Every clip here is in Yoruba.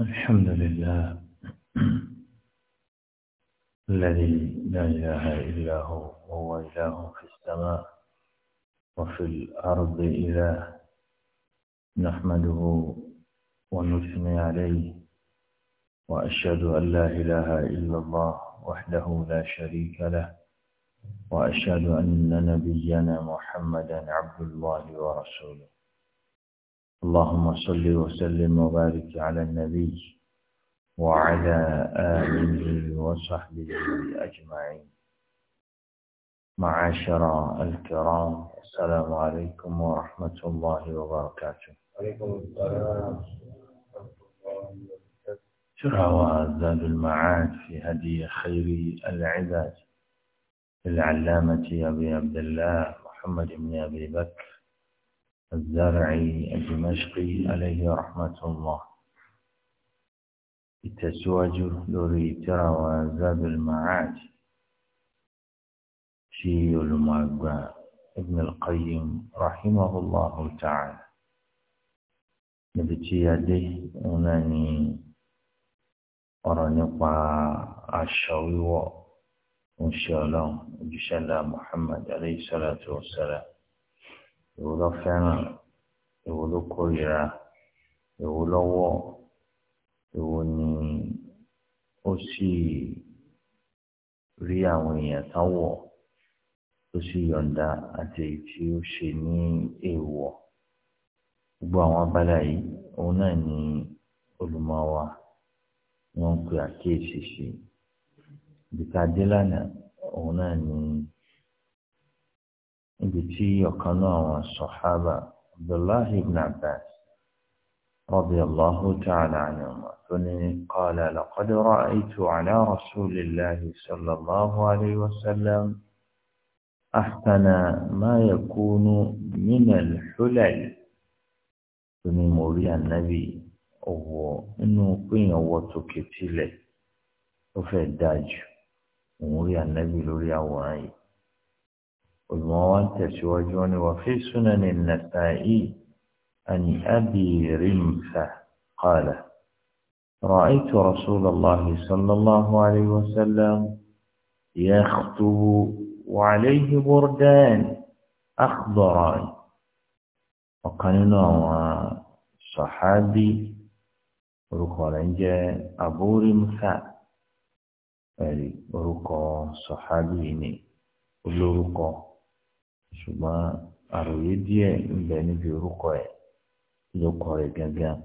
الحمد لله الذي لا إله إلا هو وهو إله في السماء وفي الأرض إله نحمده ونثني عليه وأشهد أن لا إله إلا الله وحده لا شريك له وأشهد أن نبينا محمدا عبد الله ورسوله اللهم صل وسلم وبارك على النبي وعلى آله وصحبه أجمعين معاشر الكرام السلام عليكم ورحمة الله وبركاته عليكم السلام شرع زاد المعاد في هدي خير العباد للعلامة أبي عبد الله محمد بن أبي بكر الزرعي الدمشقي عليه رحمة الله التسواج لوري ترى وزاد المعاد شيء المعقى ابن القيم رحمه الله تعالى نبتي يديه أناني أرنقى الشويوة إن شاء الله محمد عليه الصلاة والسلام èwo ló fẹ́ràn èwo ló kórìíra èwo lọ́wọ́ èwo ni ó sì rí àwọn èèyàn táwọ̀ tó sì yọ̀ǹda àti èyí tí ó ṣe ní èèwọ̀ gbogbo àwọn abala yìí òun náà ni olùmọ̀wà wọn ń pe àkíyèsí sí i bìkà dé lánàá òun náà ni níbi tí ọ̀kan náà àwọn sọ̀hábà abdullahi ibn abbas radiyallahu ta'ala anhuma tó ní qala laqad ra'aytu ala rasulillahi sallallahu alayhi wa sallam ahsana ma yakunu min al-hulal tó ní mo rí ànábì ọ̀wọ́ nínú péyàn wọ́ tòkè tilẹ̀ ó fẹ́ dájú òun rí ànábì lórí àwòrán yìí. والموان جون وفي سنن النسائي عن أبي رمفة قال رأيت رسول الله صلى الله عليه وسلم يخطب وعليه بردان أخضران وقالنا صحابي orúkọ rẹ̀ أبو jẹ́ abúrímúsà ẹ̀rí orúkọ sọ̀hábì ṣùgbọ́n àròyé díẹ̀ ń bẹ níbi orúkọ ẹ̀ ló gángan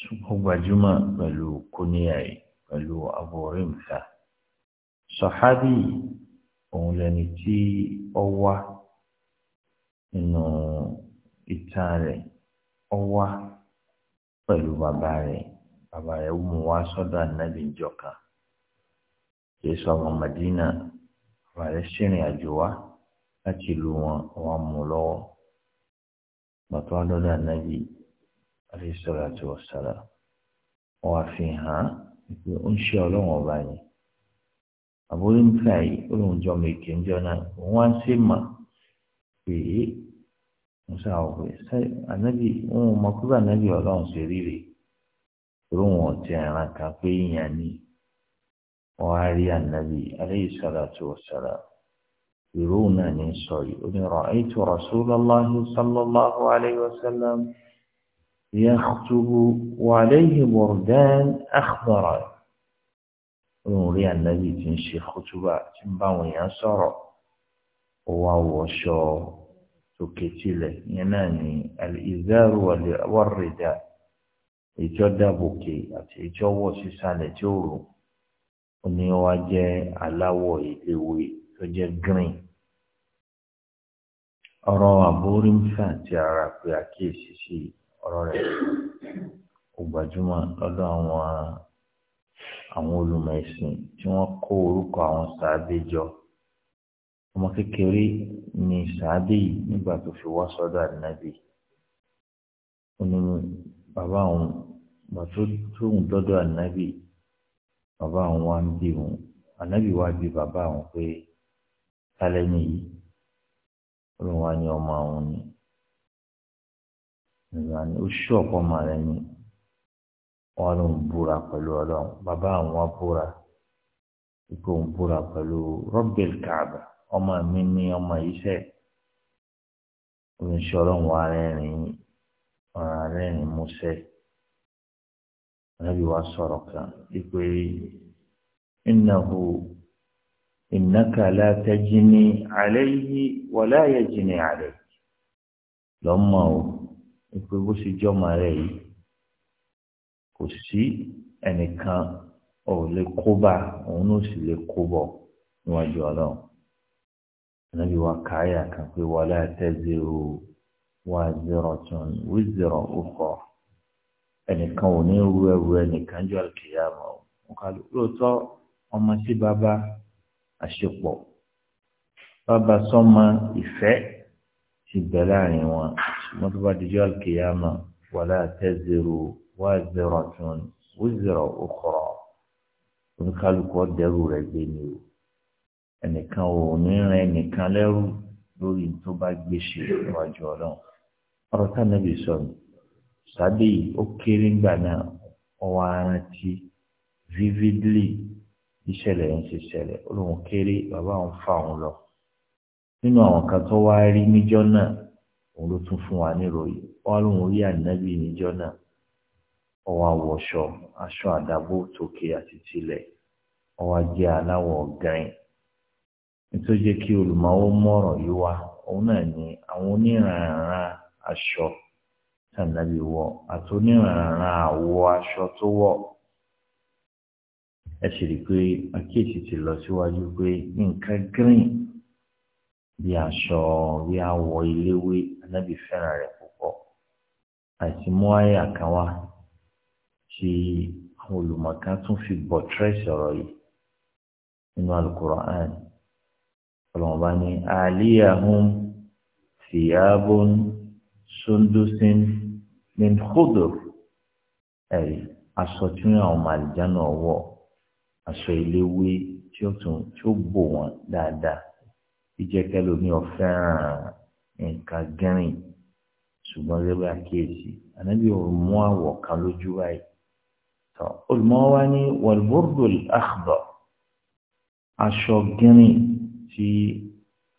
ṣùgbọ́n gbajúmọ̀ pẹ̀lú kóníyà yìí pẹ̀lú ọ wá nínú rẹ̀ ọ wá pẹ̀lú bàbá rẹ̀ bàbá rẹ̀ mú wá sọ́dọ̀ ànábì ìjọ kan ọmọ ha lu wọn wọn mú lọ́wọ́ bàtà lọ́dọ̀ ànábì àfi sọ̀rọ̀ àti ọ̀sára wọn wá fi hàn án ó ń ṣe ọlọ́wọ́n ọba àbúrò ń fà yìí ó lóun jọ mèkì ń jọ náà wọn á sì mà pé anabi wọn ò mọ kúrò ọlọ́run ṣe ríre ẹran kan pé ìyàn ni wọn á ìró náà ní sọ yìí ó ní ra'aytu rasulallahi sallallahu alayhi wa sallam yakhtubu wa alayhi burdan akhdara òun rí ànábì tí ń ṣe kútúbà tí ń bá àwọn èèyàn sọ̀rọ̀ ó wá wọṣọ sókè tilẹ̀ yẹn náà ní al-izaru wal-rida ìjọ dàbòkè àti ìjọ wọ̀ sísàlẹ̀ tí ó rò ó ní wá jẹ́ aláwọ̀ ìléwé. tó jẹ́ green ọrọ àbórí ń fẹ́ àti ara pé àkíyèsí sí ọ̀rọ̀ rẹ̀ ó gbajúmọ̀ lọ́dọ̀ àwọn àwọn olùmọ̀ ẹ̀sìn tí wọ́n kó orúkọ jọ ọmọ kékeré ni sàábé yìí nígbà tó fi wá sọ́dọ̀ ànábì ó bàbá òun gbà tó tóun dọ́dọ̀ ànábì bàbá òun wá ń bí òun kálẹ̀ nìyí olùwà ni ọmọ àwọn ni olùwà ni ó ọ̀pọ̀ ọmọ rẹ ni wọn ló ń búra pẹ̀lú ọlọ́run bàbá àwọn búra ipò ń búra pẹ̀lú rọ́bìl kààbà ọmọ mi ní ọmọ iṣẹ́ oníṣẹ́ ọlọ́run wa rẹ́rìn ọ̀ràn rẹ́rìn músẹ́ sọ̀rọ̀ kan innaka la tajni alayhi wa la yajni alayhi lọ́mọ o ìpè bó ṣe jọ́mọ rẹ̀ yìí kò sí ẹnìkan ò lè kóbá òun náà sì lè kóbọ̀ níwájú ọlọ́run níbi wa káyà kan pé wala taziru waziratun wizra ukhra ẹnìkan ò ní ru ẹrù ẹnìkan jọ àkìyàmọ̀ ọ̀kadù lóòótọ́ ọmọ sí bàbá àṣepọ̀ bàbá sọ́mọ ìfẹ́ ti bẹ̀ láàrin wọn ṣùgbọ́n tó bá dijọ́ àlùkìyàmà wala taziru waziratun wizra ukhra oníkálukú ọ̀dẹ́rù rẹ̀ gbé ni o ẹnìkan ò ní rìn ẹnìkan lẹ́rù lórí tó bá gbé ṣe níwájú ọlọ́run ọ̀rọ̀ tánàbì sọ ni sábẹ́ yìí ó kéré ńgbà náà ọwọ́ arántí vividly ìṣẹ̀lẹ̀ ń ṣe ṣẹlẹ̀ olóhùn kéré bàbá òun fà òun lọ nínú àwọn kan tó wá rí níjọ́ náà òun ló tún fún wa níròyìn wá lóhùn rí ànábì níjọ́ náà ọwọ́ àwọ̀ṣọ aṣọ àdàbò tòkè àti tilẹ̀ ọwọ́ ajé aláwọ̀ gan-an nítorí jẹ́ kí olùmọ̀wó mọ̀rọ̀ yìí wá òun náà ní àwọn oníranran aṣọ tànàbí wọ àti oníranran àwọ̀ aṣọ tó wọ̀ ẹ sì rí i pé àkíyèsí ti lọ síwájú pé nǹkan green bí aṣọ bí awọ iléwé anábì fẹ́ràn rẹ̀ púpọ̀ àti mú àyà kan wá tí àwọn olùmọ̀ká tún fi bọ̀ tírẹ̀sì yìí nínú Al-Qur'an ọlọ́mọba ní àlíyàhún fìyàbọ̀n sundusin min khudur ẹ̀rí aṣọ tí wọ́n àwọn màlìjánà wọ̀ aṣọ eléwé tí ó tún tí ó bò wọn dáadáa jíjẹ́ kẹlòmí ọ̀fẹ́ràn nǹkan gẹ́rìn ṣùgbọ́n lẹ́wọ́ àkíyèsí ànábì òmù àwọ̀ kan lójú báyìí tọ́ olùmọ́wá ní wàlúbọ́rùdù àkùdọ̀ aṣọ gẹ́rìn tí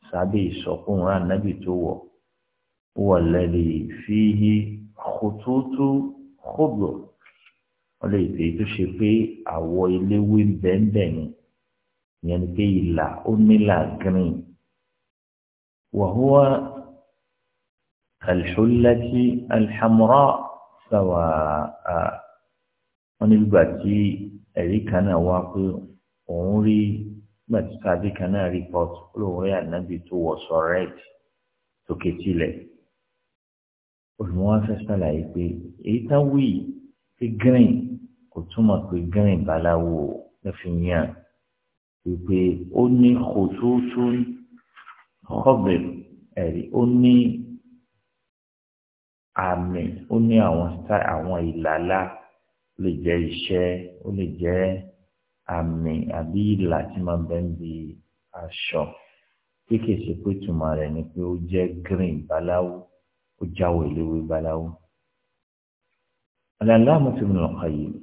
sábẹ́ ìsọkúnra ànábì tó wọ̀ wọ̀lẹ́lẹ́ fíhí kòtótó kòbò wọ́n lè èyí tó ṣe pé àwọ̀ eléwé bẹ́ẹ̀bẹ́ẹ̀ ni ìyẹn ni pé ìlà ó nílà green wàhúwà alḥullati alḥamra sáwà wọ́n ní gbígbà tí ẹ̀rí kan náà wá pé òun rí gbà tí sáàbì kan náà report ó lóun rí ànábì tó wọ̀ṣọ red sókè tilẹ̀ olùmọ̀wá fẹ́ sàlàyé pé èyí tá wí yìí sí green kò túmọ̀ pé green báláwo ẹ fi yàn wípé ó ní kòtótó kọ́bẹ̀ ẹ̀rí ó ní àmì ó ní àwọn àwọn ìlàlá lè jẹ́ iṣẹ́ ó lè jẹ́ àmì àbí ìlà tí máa bẹ ń bi aṣọ kéèké ṣe pé ìtumọ̀ rẹ̀ ni pé ó jẹ́ green báláwo ó jáwèé léwé báláwo. العلامة ابن القيم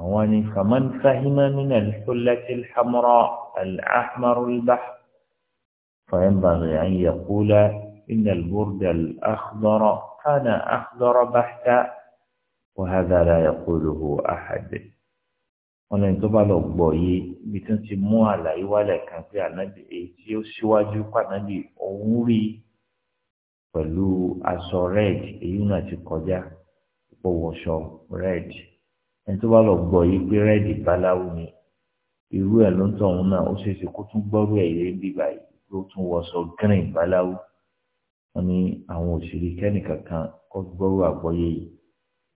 واني فمن فهم من الحلة الحمراء الأحمر البحر فينبغي أن يقول إن البرد الأخضر كان أخضر بحتا وهذا لا يقوله أحد wọn lẹni tó bá lọ gbọ́ yìí ibi tí wọn ti mú àlàyé wálẹ kan pé ànábì èyí tí ó síwájú pànábì òun rí pẹ̀lú aṣọ red èyí náà ti kọjá ó wọṣọ red ẹni tó bá lọ gbọ́ yìí pé red báláwo ni irú ẹ̀ ló ń tọ̀hún náà ó ṣeéṣe kó tún gbọ́rú ẹ̀ yé bíbá yìí ló tún wọṣọ green báláwo wọn ní àwọn òṣèré kẹ́nìkankan kọ́ gbọ́rú àgbọ́yé yìí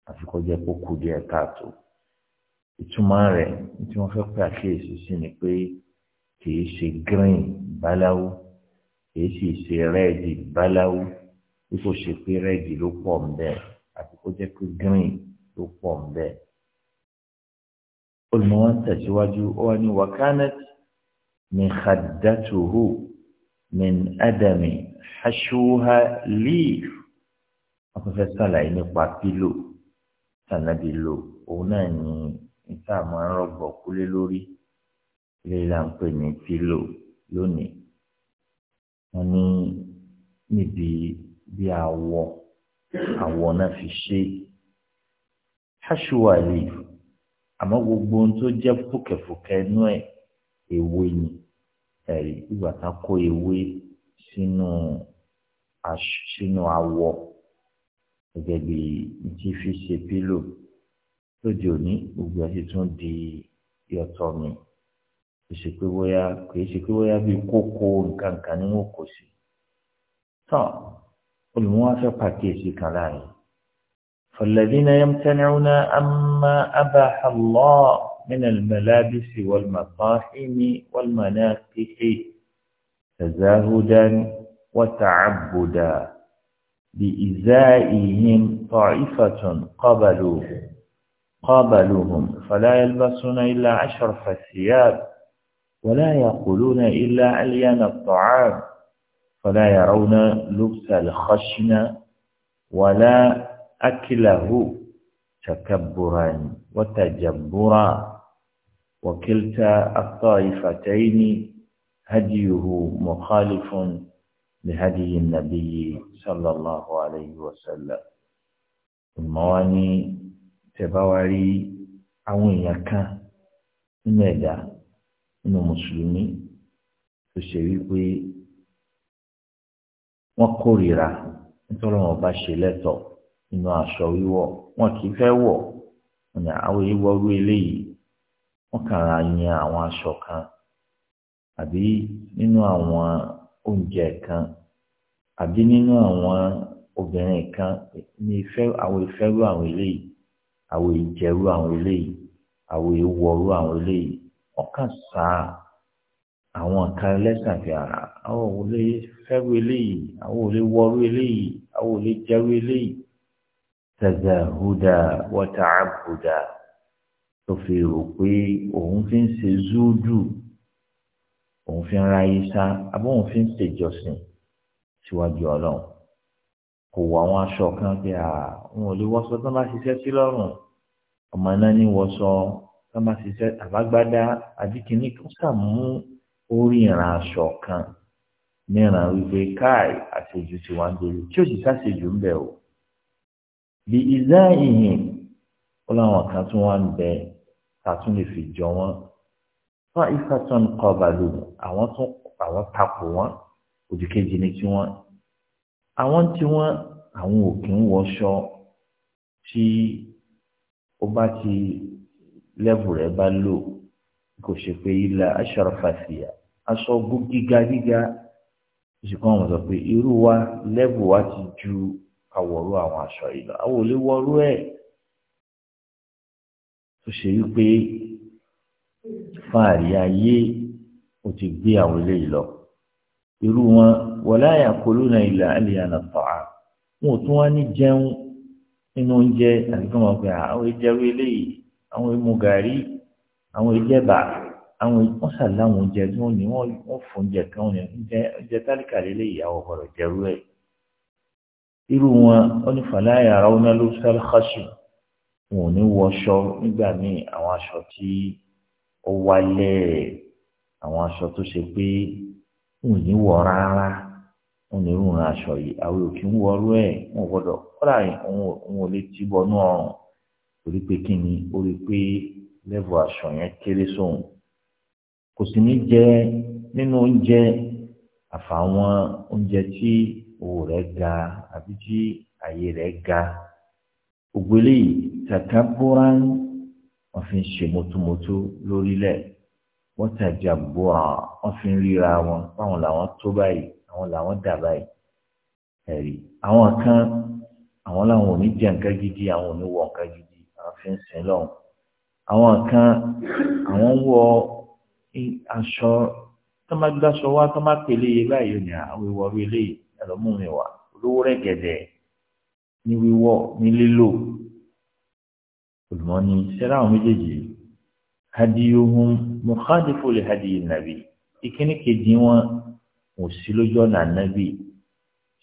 àfi kó jẹ́ kó kù díẹ̀ káàtó ìtumọ̀ rẹ̀ tí wọ́n fẹ́ pè àkíyèsí sí ni pé kìí ṣe green báláwo kìí sì ṣe red báláwo bí kò ṣe pé red ló pọ̀ ń bẹ́ẹ̀ àti kó jẹ́ pé green ló pọ̀ ń bẹ́ẹ̀. olùmọ̀wá tẹ̀síwájú ó wá ní wakanat min khaddatuhu min adami hashuha leaf afẹ́fẹ́ sàlàyé nípa pílò sànàbí lò òun náà ní níta máa ń rọ̀gbọ̀ kúlé lórí léla ń pè ní pílò lónìí wọ́n ní níbi bí awọ àwọ̀ náà fi ṣe ṣáṣùwà lè àmọ́ gbogbo ohun tó jẹ́ fùkẹ̀fùkẹ̀ inú ẹ̀ ewé ni ẹ̀rí ìgbà tá a kó ewé sínú sínú awọ gẹ́gẹ́ bí tí fi ṣe pílò lóde òní gbogbo ẹ̀ sì tún di yọ̀tọ̀ mi kì í pé bóyá kì kókó nǹkan kan ni wọ́n kò sí. الموافق كيسي كلاي فالذين يمتنعون أما أباح الله من الملابس والمطاحم والمناكح تزاهدا وتعبدا بإزائهم طائفة قبلوا قابلوهم فلا يلبسون إلا أشرف الثياب ولا يقولون إلا أليان الطعام فلا يرون لبس الخشن ولا أكله تكبرا وتجبرا وكلتا الطائفتين هديه مخالف لهدي النبي صلى الله عليه وسلم المواني تباوري àwọn èèyàn kan nínú ẹ̀dá wọ́n kórìíra nítorí wọn bá ṣe lẹ́tọ̀ nínú aṣọ wíwọ̀ wọn kì í fẹ́ wọ̀ wọn àwọn èèwọ̀ rú eléyìí wọ́n kàn ra yan àwọn aṣọ kan àbí nínú àwọn oúnjẹ kan àbí nínú àwọn obìnrin kan ní ìfẹ́ àwọn ìfẹ́rú àwọn eléyìí àwọn ìjẹrú àwọn eléyìí àwọn ìwọ̀rú àwọn eléyìí wọ́n kàn sáà. àwọn kan lẹ́sàn fi ara àwọn ò lè fẹ́rù eléyìí àwọn ò lè wọrú eléyìí àwọn ò lè jẹ́rú eléyìí tazahuda wa ta'abuda tó fi rò pé òun fi ń ṣe zúdù òun fi ń ra ayé sá abóhun fi ń ṣèjọsìn síwájú ọlọ́run kò wọ àwọn aṣọ kan pé à wọn ò lè wọṣọ tó bá ṣiṣẹ́ sí lọ́rùn ọmọ náà ní wọṣọ tó bá ṣiṣẹ́ àbágbádá àbí kìíní sàmú ó ríran aṣọ kan níran wípé káì àṣejù ti wá ń dorí tí ó sì ṣàṣejù ń bẹ o bí ìzá ìhìn ó láwọn kan tún wá ń bẹ ta tún lè fi jọ wọn fún ìfàtàn kọbalù àwọn tún àwọn takò wọn òdìkejì ni tiwọn àwọn tiwọn àwọn òkè ń wọṣọ tí ó bá ti lẹ́bù rẹ̀ bá lò kò ṣe pé ilà aṣọ àfàṣìyà aṣọ ogun gíga gíga ìṣùkọ́ wọn sọ pé irú wa lẹ́bù wa ti ju àwọ̀rú àwọn aṣọ yìí lọ àwọn ò lè wọrú ẹ̀ tó ṣe wípé fáàrí ayé ó ti gbé àwọn eléyìí lọ irú wọn wọlé àyàkóló náà ilà àlìyànà tọ́à wọn ò tún wá ní jẹun nínú oúnjẹ àti kí wọn àwọn ìjẹun eléyìí àwọn ìmú gàrí àwọn ìjẹba àwọn wọ́n ṣàláwọn oúnjẹ tí wọ́n ní wọ́n fún oúnjẹ kan ní oúnjẹ oúnjẹ tálíkà lélẹ̀ ìyàwó ọ̀rọ̀ jẹ̀rú ẹ̀ irú wọn wọ́n ní fàlàyà ara wọn ló sálẹ́kàṣù wọn ò ní wọṣọ nígbà míì àwọn aṣọ tí ó wálẹ̀ àwọn aṣọ tó ṣe pé wọn ò ní wọ rárá wọn ní irú wọn aṣọ yìí àwọn òkè ń wọrú ẹ̀ wọn gbọ́dọ̀ kọ́dà wọn ò lè ti ọrùn torí pé kí ni ó rí pé lẹ́bù aṣọ yẹn kéré sóhun kò sì ní jẹ nínú oúnjẹ àfàwọn oúnjẹ tí owó rẹ̀ ga àbí tí àyè rẹ̀ ga gbogbo eléyìí tàkà bóra wọn fi ń ṣe mọtòmọtò lórílẹ̀ wọn tàjà bóra wọn fi ń ríra wọn báwọn làwọn tó báyìí àwọn làwọn dà báyìí ẹ̀rí àwọn kan àwọn làwọn ò ní jẹ nǹkan gidi àwọn ò ní wọ nǹkan gidi àwọn fi ń sìn lọ́hùn àwọn kan àwọn wọ aṣọ tó máa gbáṣọ wá tó máa pèlè yé e báyìí ní àwọn ìwọ rí eléyìí ẹlọmú mi wà olówó rẹ̀gẹ̀dẹ̀ ní wíwọ̀ ní lílò olùmọ́ni sẹ́rà àwọn méjèèjì hadiyuhum mukhalifu li hadiyi nàbí ìkíní kejì wọn kò sí lójú ọ̀nà nàbí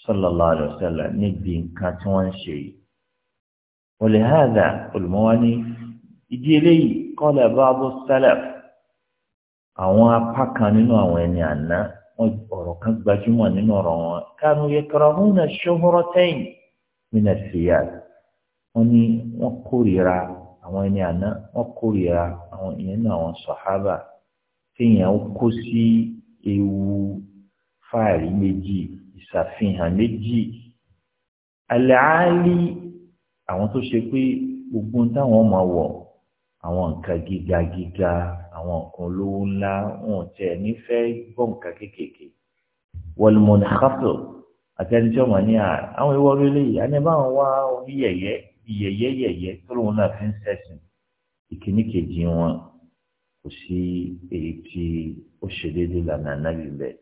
sallallahu alayhi níbi nǹkan tí wọ́n ń ṣe yìí. wa li hadha olùmọ́wání ìdí eléyìí qala ba'du salaf. àwọn apá kan nínú àwọn ẹni àná wọn ọ̀rọ̀ kan gbajúmọ̀ nínú ọ̀rọ̀ wọn kanu yakrahuna shuhratayn min as-siyasa wọn ni wọn kórìíra àwọn ẹni àná wọn kórìíra àwọn ìyẹn náà àwọn sàhábà téèyàn kó sí ewu fáàrí méjì isafiha méjì àlàálí àwọn tó ṣe pé táwọn máa wọ àwọn nǹkan gíga gíga àwọn nǹkan olówó ńlá wọn tiẹ̀ nífẹ̀ẹ́ gbọ́ nǹkan kéékèèké wọlùmọ̀nì kápẹ́ọ̀ àti ẹni tí wọ́n máa ní àwọn ìwọ rere yìí àní báwọn wá orí yẹ̀yẹ́ yẹ̀yẹ́ yẹ̀yẹ́ tó lóun náà fi ń sẹ́sìn ìkíní kejì wọn kò sí èyí tí ó ṣe déédéé lànà nábì bẹ́ẹ̀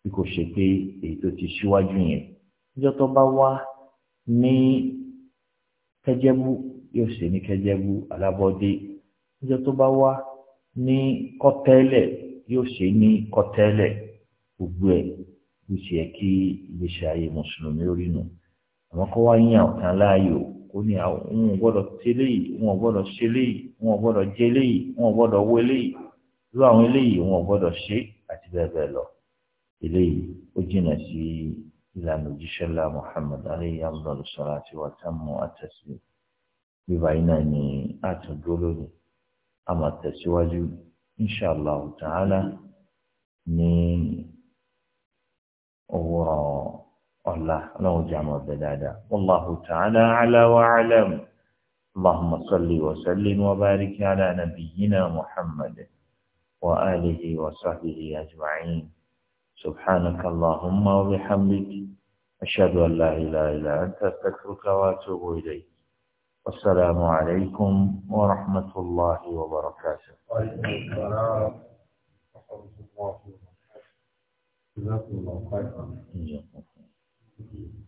bí kò ṣe pé èyí tó ti ṣíwájú yẹn níjọ́ tó bá wá ní kẹjẹ́bú yóò ṣe ní kẹjẹ́bú alábọ́dé níjọ́ tó bá wá ní kọ́tẹ́lẹ̀ yóò ṣe ní kọ́tẹ́lẹ̀ gbogbo ẹ̀ bí ó ṣe yẹ kí ìgbésí ayé mùsùlùmí ó rí nù àwọn kó wá yín àwọn kan láàyò kó ní àwọn òun gbọ́dọ̀ tẹlẹ yìí wọn gbọ́dọ̀ ṣe léyìí wọn gbọ́dọ̀ jẹ léyìí wọn gbọ́dọ̀ wọ léyìí irú àwọn eléyìí wọn gbọ́dọ̀ ṣe àti bẹ́ẹ̀ bẹ́ẹ̀ lọ eléyìí ó jìnnà sí ìlànà òjíṣẹ́ ńlá Muhammad aleyhi abdul salatu wa tamu atasi bíbá iná ni àtúndó lónìí a máa tẹ̀síwájú inshallah ta'ala ní ọwọ́ ọ̀la ọlọ́run jẹ́ àmọ́ ọ̀bẹ dáadáa wallahu ta'ala ala wa alam اللهم صل وسلم وبارك على نبينا محمد وآله وصحبه أجمعين سبحانك اللهم وبحمدك أشهد أن لا إله إلا أنت أستغفرك وأتوب إليك السلام عليكم ورحمة الله وبركاته الله خيرا